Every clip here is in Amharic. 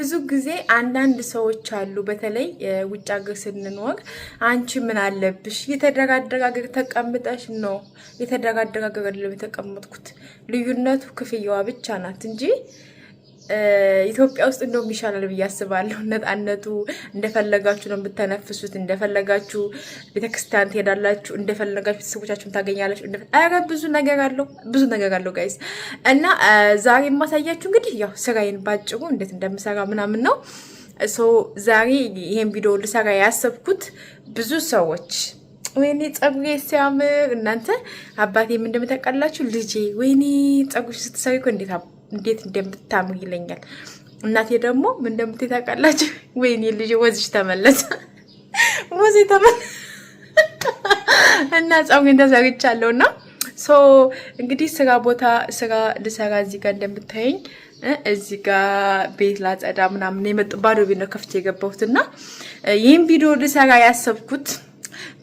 ብዙ ጊዜ አንዳንድ ሰዎች አሉ፣ በተለይ ውጭ ሀገር ስንኖር አንቺ ምን አለብሽ የተደጋደጋገር ተቀምጠሽ ነው። የተደጋደጋገር ሀገር ተቀመጥኩት፣ ልዩነቱ ክፍያዋ ብቻ ናት እንጂ ኢትዮጵያ ውስጥ እንደውም ይሻላል ብዬ አስባለሁ። ነጣነቱ እንደፈለጋችሁ ነው የምትተነፍሱት። እንደፈለጋችሁ ቤተክርስቲያን ትሄዳላችሁ፣ እንደፈለጋችሁ ቤተሰቦቻችሁን ታገኛላችሁ። ብዙ ነገር አለው፣ ብዙ ነገር አለው ጋይስ። እና ዛሬ የማሳያችሁ እንግዲህ ያው ስራዬን ባጭሩ እንዴት እንደምሰራ ምናምን ነው። ሶ ዛሬ ይሄን ቪዲዮ ልሰራ ያሰብኩት ብዙ ሰዎች ወይኔ ፀጉሬ ሲያምር እናንተ አባቴ እንደምታውቃላችሁ ልጄ ወይኔ ፀጉር ስትሰሪ እኮ እንዴት እንዴት እንደምታምር ይለኛል። እናቴ ደግሞ ምን እንደምትይ ታውቃላችሁ? ወይኔ ልጅ ወዝሽ ተመለሰ፣ ወዝ ተመለሰ እና ጸጉን ተዘግቻለሁ እና ሶ እንግዲህ ስራ ቦታ ስራ ልሰራ እዚህ ጋር እንደምታየኝ እዚህ ጋር ቤት ላጸዳ ምናምን የመጡ ባዶ ቤት ነው ከፍቼ የገባሁት እና ይህም ቪዲዮ ልሰራ ያሰብኩት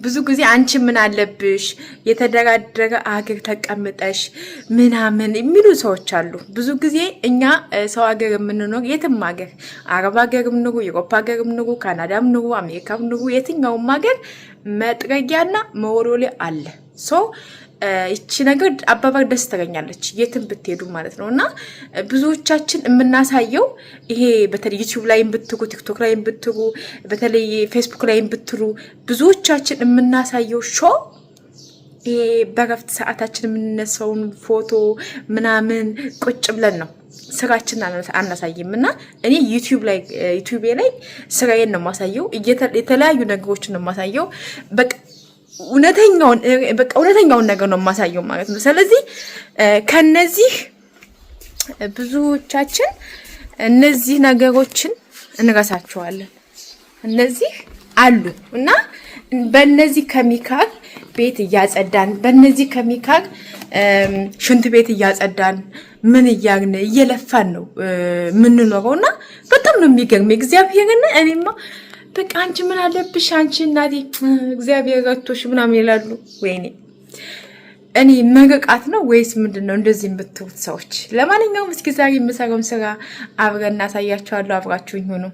ብዙ ጊዜ አንቺ ምን አለብሽ የተደጋደገ አገር ተቀምጠሽ ምናምን የሚሉ ሰዎች አሉ። ብዙ ጊዜ እኛ ሰው ሀገር የምንኖር የትም ሀገር አረብ ሀገርም ኑሩ፣ ዩሮፓ ሀገርም ኑሩ፣ ካናዳም ኑሩ፣ አሜሪካም ኑሩ፣ የትኛውም ሀገር መጥረጊያና መወሎሌ አለ። ሶ ይቺ ነገር አበባ ደስ ተገኛለች የትም ብትሄዱ ማለት ነው። እና ብዙዎቻችን የምናሳየው ይሄ በተለይ ዩቲዩብ ላይ ብትጉ፣ ቲክቶክ ላይ ብትጉ፣ በተለይ ፌስቡክ ላይ ብትሉ ብዙዎቻችን የምናሳየው ሾ ይሄ በረፍት ሰዓታችን የምንነሳውን ፎቶ ምናምን ቁጭ ብለን ነው ስራችን አናሳይም እና እኔ ዩቲዩቤ ላይ ስራዬን ነው የማሳየው፣ የተለያዩ ነገሮችን ነው የማሳየው በቃ እውነተኛውን በቃ እውነተኛውን ነገር ነው የማሳየው ማለት ነው። ስለዚህ ከነዚህ ብዙዎቻችን እነዚህ ነገሮችን እንረሳቸዋለን። እነዚህ አሉ እና በእነዚህ ኬሚካል ቤት እያጸዳን በእነዚህ ከሚካር ሽንት ቤት እያጸዳን ምን እያልን እየለፋን ነው የምንኖረው እና በጣም ነው የሚገርም እግዚአብሔርን እኔማ በቃ አንቺ ምን አለብሽ አንቺ እናቴ እግዚአብሔር ረቶሽ ምናምን ይላሉ። ወይኔ እኔ መርቃት ነው ወይስ ምንድን ነው እንደዚህ የምትውት ሰዎች? ለማንኛውም እስኪ ዛሬ የምሰራውን ስራ አብረን እናሳያቸዋለሁ። አብራችሁኝ ሁኑ።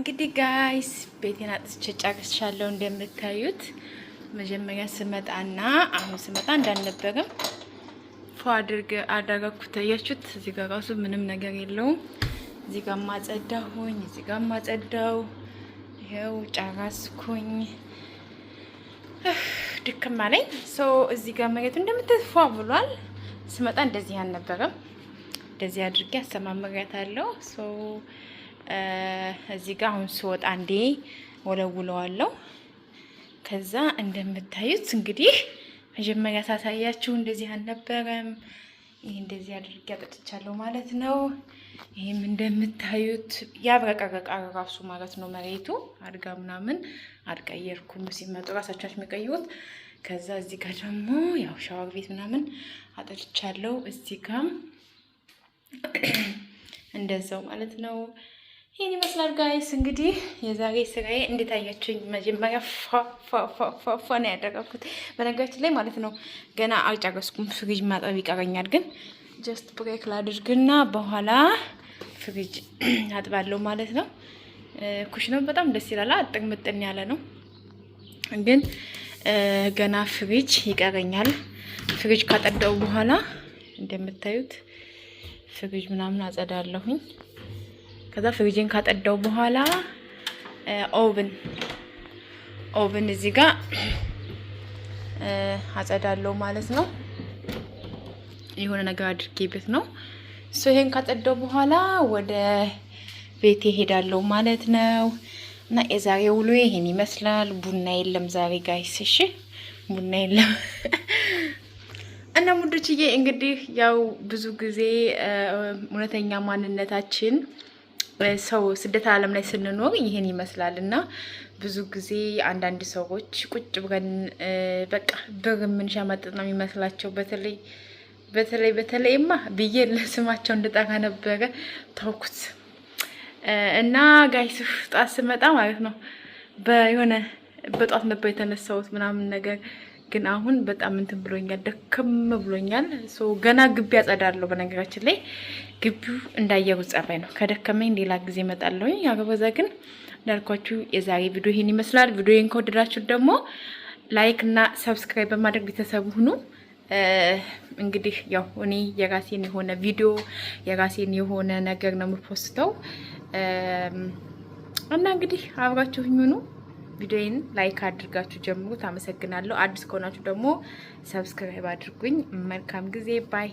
እንግዲህ ጋይስ ቤቴን አጥቼ ጨርሻለሁ። እንደምታዩት መጀመሪያ ስመጣና አሁን ስመጣ እንዳልነበረም ፎ አድርገ አደረኩት። ታያችሁት። እዚህ ጋር ራሱ ምንም ነገር የለውም። እዚህ ጋር ማጸዳሁኝ፣ እዚህ ጋር ማጸዳው። ይኸው ጨረስኩኝ። ድክም አለኝ። ሶ እዚህ ጋር መሬቱ እንደምታዩት ፏ ብሏል። ስመጣ እንደዚህ አልነበረም። እንደዚህ አድርጌ አሰማምሬያታለሁ። ሶ እዚህ ጋር አሁን ስወጣ እንዴ ወለውለዋለሁ። ከዛ እንደምታዩት እንግዲህ መጀመሪያ ሳሳያችሁ እንደዚህ አልነበረም። ይህ እንደዚህ አድርጌ አጠጥቻለሁ ማለት ነው። ይህም እንደምታዩት ያብረቀረቃ ራሱ ማለት ነው። መሬቱ አድጋ ምናምን አልቀየርኩም። ሲመጡ ራሳቸው የሚቀይሩት። ከዛ እዚህ ጋር ደግሞ ያው ሻወር ቤት ምናምን አጠጥቻለሁ። እዚህ ጋም እንደዛው ማለት ነው። ይህን ይመስላል ጋይስ። እንግዲህ የዛሬ ስራዬ እንድታያችሁኝ መጀመሪያ ፏፏፏፏ ነው ያደረኩት። በነገራችን ላይ ማለት ነው ገና አልጨረስኩም። ፍሪጅ ማጠብ ይቀረኛል፣ ግን ጀስት ብሬክ ላድርግና በኋላ ፍሪጅ አጥባለሁ ማለት ነው። ኩሽናው በጣም ደስ ይላል፣ አጥር ምጥን ያለ ነው። ግን ገና ፍሪጅ ይቀረኛል። ፍሪጅ ካጠዳው በኋላ እንደምታዩት ፍሪጅ ምናምን አጸዳለሁኝ። ከዛ ፍሪጅን ካጠዳው በኋላ ኦቭን ኦቭን እዚህ ጋር አጸዳለው ማለት ነው። የሆነ ነገር አድርጌበት ነው እሱ። ይሄን ካጸዳው በኋላ ወደ ቤት ይሄዳለው ማለት ነው። እና የዛሬ ውሎ ይሄን ይመስላል። ቡና የለም ዛሬ ጋይስ፣ እሺ ቡና የለም። እና ሙዶችዬ እንግዲህ ያው ብዙ ጊዜ እውነተኛ ማንነታችን ሰው ስደት ዓለም ላይ ስንኖር ይህን ይመስላል እና ብዙ ጊዜ አንዳንድ ሰዎች ቁጭ ብለን በቃ ብር የምንሸመጥጥ ነው የሚመስላቸው። በተለይ በተለይ በተለይማ ብዬ ለስማቸው እንድጠራ ነበረ ተውኩት። እና ጋይስ ጧት ስመጣ ማለት ነው በሆነ በጧት ነበር የተነሳሁት ምናምን ነገር ግን አሁን በጣም እንትን ብሎኛል፣ ደከም ብሎኛል። ገና ግቢ አጸዳለሁ በነገራችን ላይ ግቢው እንዳየሩ ጸባይ ነው። ከደከመኝ ሌላ ጊዜ እመጣለሁ። ያገበዛ ግን እንዳልኳችሁ የዛሬ ቪዲዮ ይህን ይመስላል። ቪዲዮን ከወደዳችሁ ደግሞ ላይክ እና ሰብስክራይብ በማድረግ ቤተሰብ ሁኑ። እንግዲህ ያው እኔ የራሴን የሆነ ቪዲዮ የራሴን የሆነ ነገር ነው የምፖስተው እና እንግዲህ አብራችሁ ሁኑ። ቪዲዮን ላይክ አድርጋችሁ ጀምሩት። አመሰግናለሁ። አዲስ ከሆናችሁ ደግሞ ሰብስክራይብ አድርጉኝ። መልካም ጊዜ ባይ